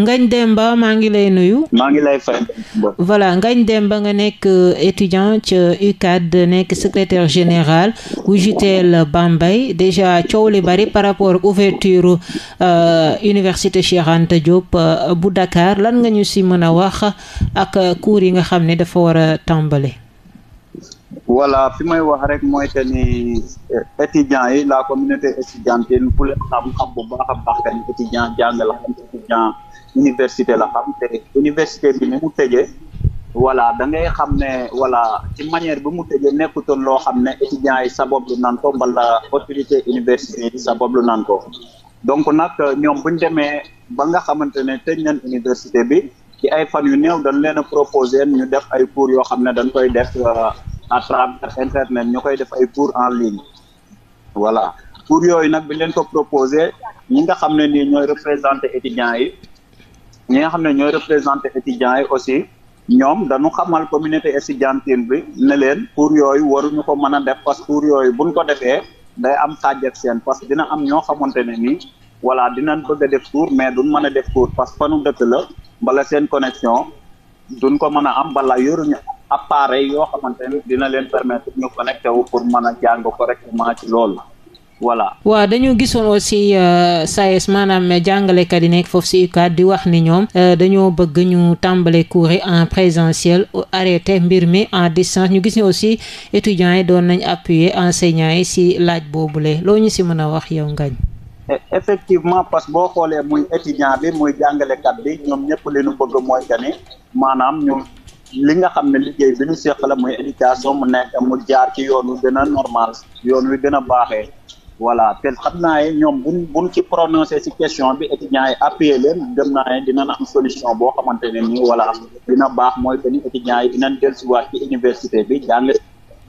Ngagne Demba maa ngi lay nuyu. maa ngañ lay fay. nga nekk euh, étudiant ca UCAD nekk secrétaire général bu JUTEL Bambey déjà coow li bari par rapport ak ouverture euh, université Cheikh Anta euh, bu Dakar lan nga ñu si mën a wax ak cours yi nga xam ni dafa war a tàmbale. voilà fi may wax rek mooy que ni étudiants yi la communauté étudiant jàng la. étudiant université la xam te université bi ni mu tëjee voilà da ngay xam ne wala ci manière bi mu tëjee nekkutoon loo xam ne étudiants yi sabablu nan ko mbala autorité université yi lu nan ko donc nag ñoom bu demee ba nga xamante ne tëj nañ université bi ci ay fan yu néew dañ leen a proposé ñu def ay cours yoo xam ne dañ koy def euh, à travers internet ñu koy def ay cours en ligne voilà. pour yooyu nag bi leen ko proposé ñi nga xam ne nii ñooy représenté étudiants yi ñi nga xam ne ñooy représenté étudiants yi aussi ñoom dañu xamal communauté estudiantine bi ne leen pour yooyu waruñu ko mën a def parce que pour yooyu buñ ko defee day am xaaj ak seen parce que dina am ñoo xamante ne nii voilà dinañ bëgg def cours mais duñ mën a def cours parce que fanu dëkk la bala seen connexion duñ ko mën a am bala yoruñu appareil yoo xamante ne dina leen permettre ñu connecté wu pour mën a jàng correctement ci loolu voilà. waaw dañu gisoon aussi euh, SAES maanaam jàngalekat yi nekk foofu si UCAD di wax ni ñoom euh, dañoo bëgg ñu tàmbale cours en présentiel arrêté mbir mi en distance ñu gis ne aussi étudiants yi doon nañu appuyer enseignants yi si laaj boobu le loo ñu si mën a wax yow ngañ e, effectivement parce que boo xoolee muy étudiant bi muy jàngalekat bi ñoom ñëpp li ñu bëgg mooy que ni maanaam ñu li nga xam ne liggéey bi ñu seq la muy éducation mu nekk mu jaar ci yoon wi gën a normal voilà te xam naa ne ñoom buñ buñ ci prononcé si question bi étudiants yi appuyer leen dem naa ne dinañ am solution boo xamante ne nii voilà dina baax mooy que ni étudiants yi dinañ dellusiwaat ci université bi jàng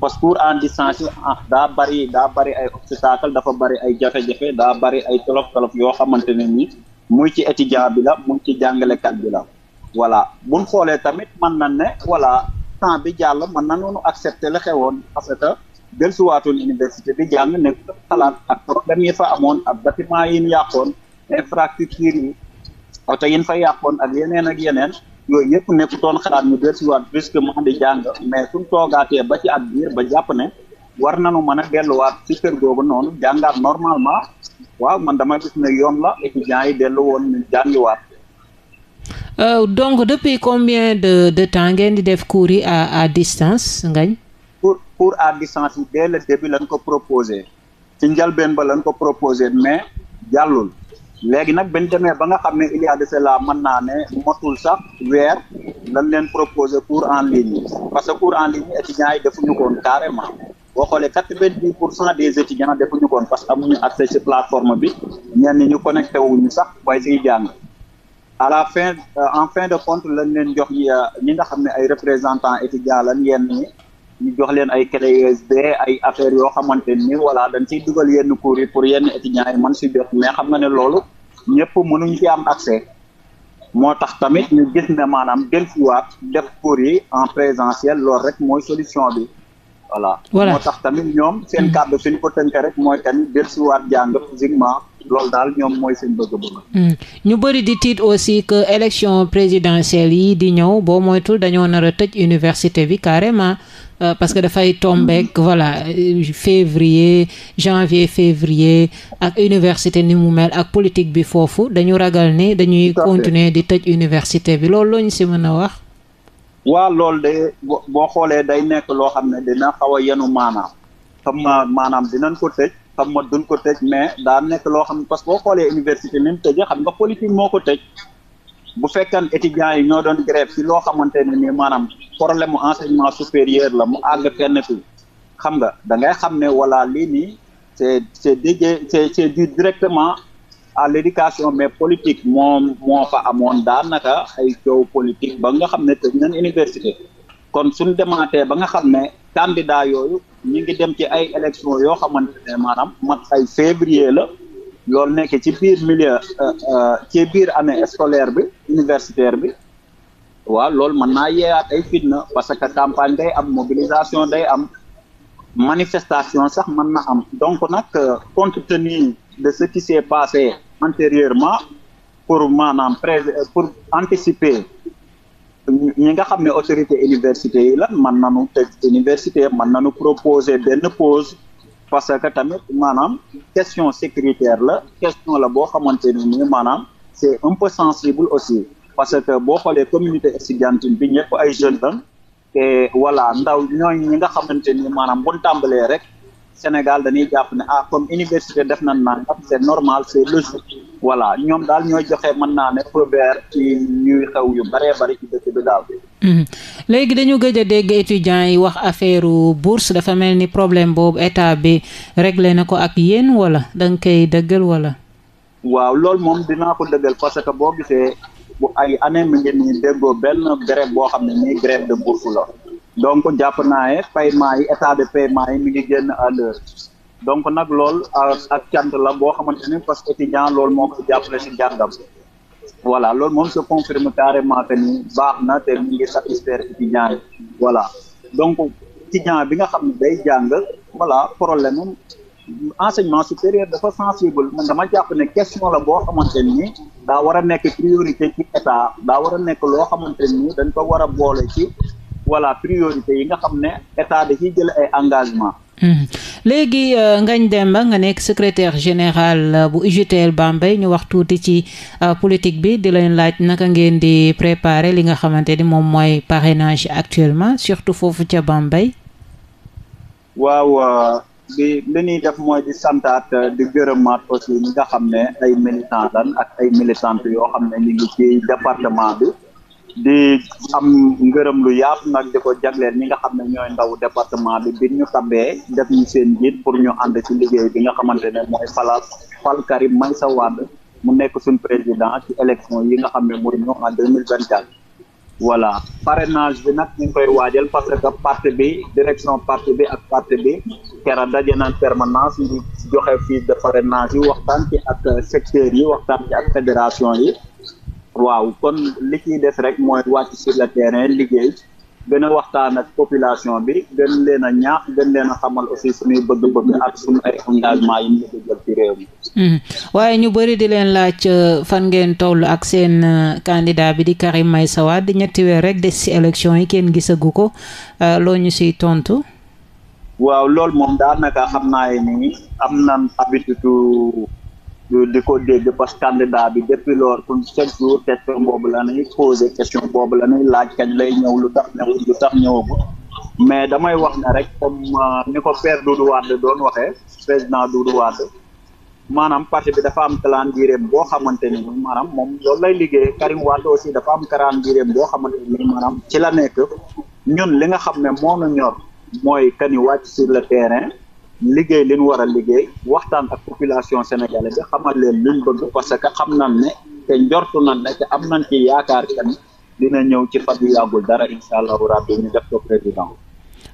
parce que en distance ah, daa bari daa bari ay obstacle dafa bari ay jafe-jafe daa bari ay tolof tolof yoo xamante ne nii muy ci étudiant bi la muy ci jàngalekat bi la voilà buñ xoolee tamit man na ne wala temps bi jàll mën na noonu accepter la xewoon parce que dellusiwaatul université bi jàng nekk xalaat ak problème yi fa amoon ak batiment yi yàqoon infrastructure yi oto yi ñu fa yàqoon ak yeneen ak yeneen yooyu yëpp nekku toon xalaat ñu dellusiwaat brusquement di jàng mais suñ toogaatee ba ci at biir ba jàpp ne war nañu mën a delluwaat ci kër googu noonu jàngaat normalement waaw man dama gis ne yoon la étudiants yi dellu woon ñu jàngiwaat. Euh, donc depuis combien de de temps ngeen di def cours yi à à distance Ngagne pour à distance yi dès le début lañ ko proposé ci njalbeen ba lañ ko proposé mais jàllul léegi nag bañ demee ba nga xam ne il y a naa ne motul sax weer lañ leen proposé pour en ligne parce que cours en ligne étudiants yi defuñu koon carrément boo xoolee quatre-vingt-dix pour cent des étudiants defuñu koon parce que amuñu accès ci plateforme bi ñenn ñu connecté wuñu sax bay si jàng à la fin euh, en fin de compte lañ leen jox euh, ñi nga xam ne ay représentants étudiants lañ ñi ñu jox leen ay clé USB ay affaires yoo xamante ni voilà dañ ciy dugal yenn cours yi pour yenn étudiants yi man si jot mais xam nga ne loolu ñëpp mënuñ ci am accès moo tax tamit ñu gis ne maanaam dellusiwaat def cours yi en présentiel lool rek mooy solution bi. voilà. moo tax tamit ñoom seen mm. kàddu suñ ko tënk rek mooy tamit dellusiwaat mm. ñu bëri di tiit aussi que élection présidentielle yi di ñëw boo moytul dañoo nar a tëj université bi carrément euh, parce que dafay tombeek mm. voilà février janvier février ak université ni mu mel ak politique bi foofu dañu ragal ni dañuy continuer di tëj université bi loolu loo ñu si mën a wax. waa loolu de boo xoolee day nekk loo xam ne dina xaw a yenu maanaam xam ma maanaam dinañ ko tëj xam ma duñ ko tëj mais daa nekk loo xam ne parce que boo xoolee université ni mu tëjee xam nga politique moo ko tëj bu fekkan étudiants yi ñoo doon grève si loo xamante ne nii maanaam problème mu enseignement supérieur la mu àgg fenn fi xam nga da ngay xam ne wala lii nii c'est c'est c'est c'est dû directement à l'éducation mais politique moo moo fa amoon daanaka ay coow politique ba nga xam ne tëj nañ université kon suñ demaatee ba nga xam ne candidat yooyu ñu ngi dem ci ay élection yoo xaman ne maanaam mat ay février la loolu nekke ci biir milieu euh, euh, ci biir année scolaire bi universitaire bi waaw loolu mën naa yeeyaat ay fitna parce que campagne day am mobilisation day am manifestation sax mën na am donc nag euh, compte tenu de ce qui s'est passé antérieurement pour maanaam pré pour anticiper ñi nga xam ne autorité université yi lan mën nañu teg université na nañu proposé benn pose parce que tamit maanaam question sécuritaire la question la boo xamante ni maanaam c'est un peu sensible aussi parce que boo xoolee communauté estudiantine bi ñëpp ay jeunes lan te voilà ndaw ñooñ ñi nga xamante ni maanaam bu tàmbalee rek Sénégal dañuy jàpp ne ah comme université def nañ naan c'est normal c'est logique voilà ñoom daal ñooy joxe mën naa ne provers ci ñuy xew yu baree bari ci dëkk bi daal. Mhm. léegi dañu gëj a dégg étudiants yi wax affaire bourse dafa mel ni problème boobu état bi régle na ko ak yenn wala da nga koy dëggal wala. waaw loolu moom dinaa ko dëggal parce que boo gisee bu ay année mi ngi nii déggoo benn grève boo xam ne nii grève de bourse la. donc jàpp naa ne yi état de paiement yi mi ngi génn à l'heure donc nag loolu ak cant la boo xamante ne parce que étudiant lool moo ko jàppale si jàngam voilà loolu moom se confirme carrément que ni baax na te mi ngi satisfaire étudiant yi voilà donc étudiant bi nga xam ne day jàng wala problème am enseignement supérieur dafa sensible man dama jàpp ne question la boo xamante ni daa war a nekk priorité ci état daa war a nekk loo xamante nii dañ ko war a boole ci voilà priorité yi nga xam ne état da ciy jël ay engagement hmm. léegi euh, ngañ dem ba nga nekk secretaire général euh, bu UGTL Bambey ñu wax tuuti ci euh, politique bi di leen laaj naka ngeen di préparer li nga xamante ni moom mooy parrainage actuellement surtout foofu ca Bambey waaw di li ñuy def mooy di santaat di gërëmaat aussi nga xam ne ay militant lan ak ay militante yoo xam ne ñu ngi ci département bi di am ngërëm lu yaatu nag di ko jagleel ñi nga xam ne ñooy ndawu département bi bi ñu tabee def ñu seen jiit pour ñu ànd ci liggéey bi nga xamante ne mooy falaas fal Karim sa Wade mu nekk suñ président ci élection yi nga xam ne mu ñëw en deux mille vingt quatre voilà parrainage bi nag ñu ngi koy waajal parce que parti bi direction parti bi ak parti bi kera daje naan permanence ñu joxe fii de parrainage yi waxtaan ci ak secteurs yi waxtaan ci ak fédération yi waaw kon li ciy def rek mooy wàcc sur la terrain liggéey gën waxtaan ak population bi gën leen a ñaax gën leen a xamal aussi suñuy bëgg-bëgg ak suñu ay engagement yi ñu jël ci réew mi. Hmm. waaye ñu bëri di leen laaj euh, fan ngeen toll ak seen euh, candidat bi di Karim Meïssa Wade ñetti weer rek des ci élection yi kenn gisagu ko euh, loo ñu siy tontu. waaw loolu moom daanaka xam naa ni am nan habitude. di ko dégg parce que candidat bi depuis lors kon chaque jour question boobu la ñuy posé question boobu la ñuy laaj kañ lay ñëw lu tax ñëw lu tax ñëwagul mais damay wax na rek comme euh, ni ko père Doudou Wade doon waxee président Doudou Wade maanaam parti bi dafa am calendrier boo xamante ni maanaam moom loolu lay liggéey Karim Wade aussi dafa am calendrier boo xamante ni maanaam ci la nekk ñun li nga xam ne moo ñu ñor mooy kani wàcc sur le terrain. liggéey li waral liggéey waxtaan ak population sénégalaise bi xamal leen luñ bëgg parce que xam nañ ne te njortu nañ ne te am nañ ci yaakaar kan dina ñëw ci fan yu yàggul dara incha allahu rabbi ñu def ko président.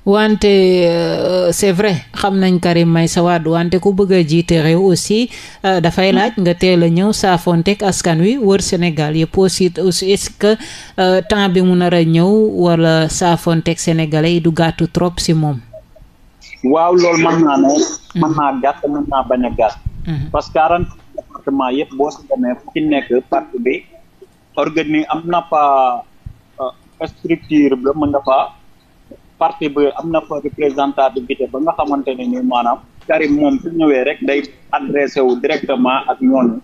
wante euh, c'est vrai xam nañ may sa Wade wante ku bëgg a jiite réew aussi euh, dafay laaj nga teel a ñëw saafonteeg askan wi wër Sénégal yëpp aussi aussi est-ce que euh, temps bi mu nar ñëw wala saafonteeg sénégalais yi du gàttu trop si moom. waaw loolu mën naa ne mm-hmm. mën naa gàtt mën naa bañ a gàtt mm-hmm. parce que quarante département yëpp boo si demee fu nekk parti bi organi am na fa euh, structure ba mën nga fa parti bi am na fa représentativité ba nga xamante ne ni maanaam Karim moom su ñëwee rek day adressé wu directement ak ñooñu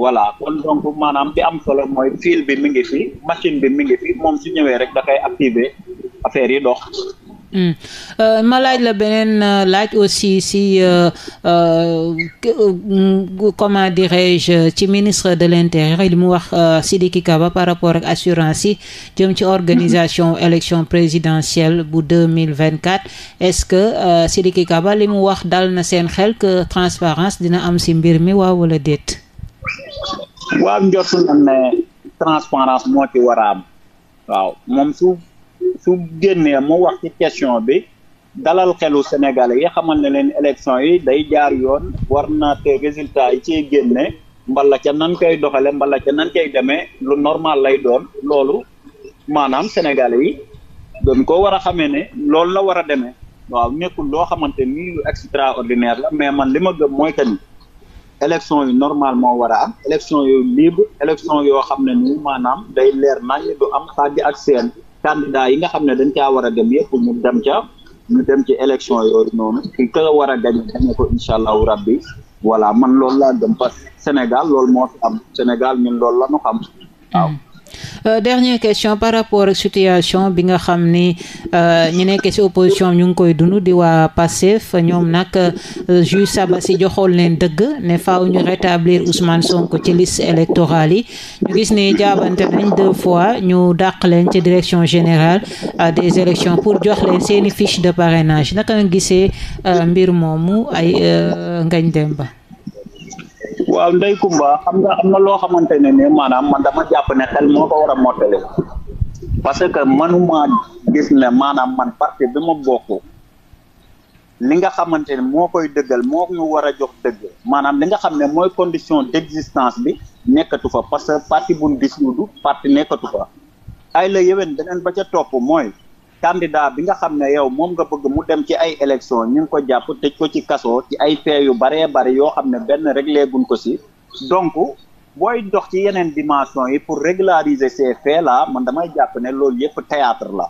voilà kon donc maanaam bi am solo mooy fil bi mi ngi fi machine bi mi ngi fi moom su ñëwee rek dafay koy activer affaire yi dox Hmm. Euh, ma laaj la beneen euh, laaj aussi si euh, comment dirais-je ci ministre de l'intérieur li mu wax si Sidiki Kaba par rapport ak assurance yi jëm ci organisation élection présidentielle bu deux mille vingt quatre est-ce que Sidiki Kaba li mu wax dal na seen xel que transparence dina am si mbir mi waaw wala déet. waaw njortu na ne transparence moo ci war waaw su génnee mu wax ci question bi dalal xelu Sénégalais yi xamal ne leen élection yi day jaar yoon war naa te résultat yi ciy génne mbala ca nan koy doxale mbala ca nan koy demee lu normal lay doon loolu maanaam Sénégalais yi doon ko war a xamee ne loolu la war a demee waaw nekkul loo xamante ni lu extraordinaire la mais man li ma gëm mooy que ni élection yu normal moo war a am élection yu libre élection yoo xam ne nii maanaam day leer nañ du am xàjj ak seen candidat yi nga xam ne dañ caa war a dem yëpp ñu dem ca ñu dem ci élection yooyu noonu ki ka war a gañe gañe ko incha allahu rabbi wala man loolu laa dem parce que Sénégal lool moo am Sénégal ñun lool la ñu xam waaw Euh, dernière question par rapport ak situation bi nga xam ni euh, ñu nekk ci opposition ñu ngi koy dund di waa Pastef ñoom nag ju euh, juge si joxoon leen dëgg ne faaw ñu rétablir Ousmane Sonko ci list électorale yi ñu gis ne jaabante nañ deux fois ñu dàq leen ci direction générale des élections pour jox leen seeni fiche de parrainage naka nga gisee mbir moomu ay Ngagne ba waaw Ndeye Comba xam nga xam na loo xamante ne ne maanaam man dama jàpp ne xel moo ko war a mottali parce que manuma gis ne maanaam man parti bi ma bokk li nga xamante ne moo koy dëggal moo ñu war a jox dëgg maanaam li nga xam ne mooy condition d'existence bi nekkatu fa parce que parti buñ dissoudre parti nekkatu fa ay la yéwén beneen ba ca topp mooy candida bi nga xam ne yow moom nga bëgg mu dem ci ay élection ñu ngi ko jàpp tëj ko ci kaso ci ay fee yu baree bari yoo xam ne benn réglé guñ ko si donc booy dox ci yeneen dimension yi pour réglariser ces faits là man damay jàpp ne loolu yëpp théâtre la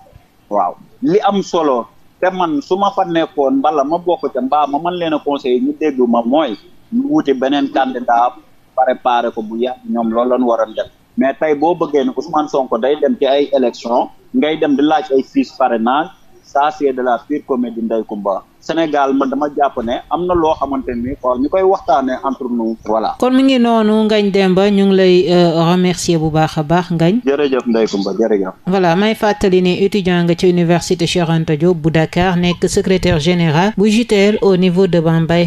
waaw li am solo te man su ma fa nekkoon mbala ma bokk ca mbaa ma man leen a conseiller ñu dégg ma mooy ñu wuti beneen candida candidat préparé ko bu yàgg ñoom loolu lañ waroon def mais tey boo bëggee ne Ousmane Sonko day dem ci ay élection ngay dem di laaj ay fiches parrainage ça c'est de la pure comédie Ndeye Comba Sénégal ma dama jàpp ne am na loo xamante ni faaw ñu koy waxtaanee entre nous voilà. kon mu ngi noonu ngañ dem ba ñu ngi lay euh, remercier bu baax a baax Ngagne. jërëjëf Ndeye Comba jërëjëf. voilà may fàttali ni étudiant nga ci université Cheikh Anta bu Dakar nekk secretaire général bu JTL au niveau de Bambey.